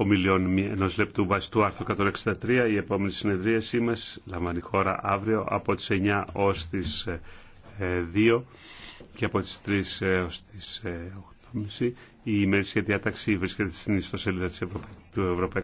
ομιλιών ενό λεπτού βάσει του άρθρου 163. Η επόμενη συνεδρίασή μα λαμβάνει χώρα αύριο από τι 9 ω τι 2 και από τι 3 ω τι 8.30. Η ημερήσια διάταξη βρίσκεται στην ιστοσελίδα του Ευρωπαϊκού.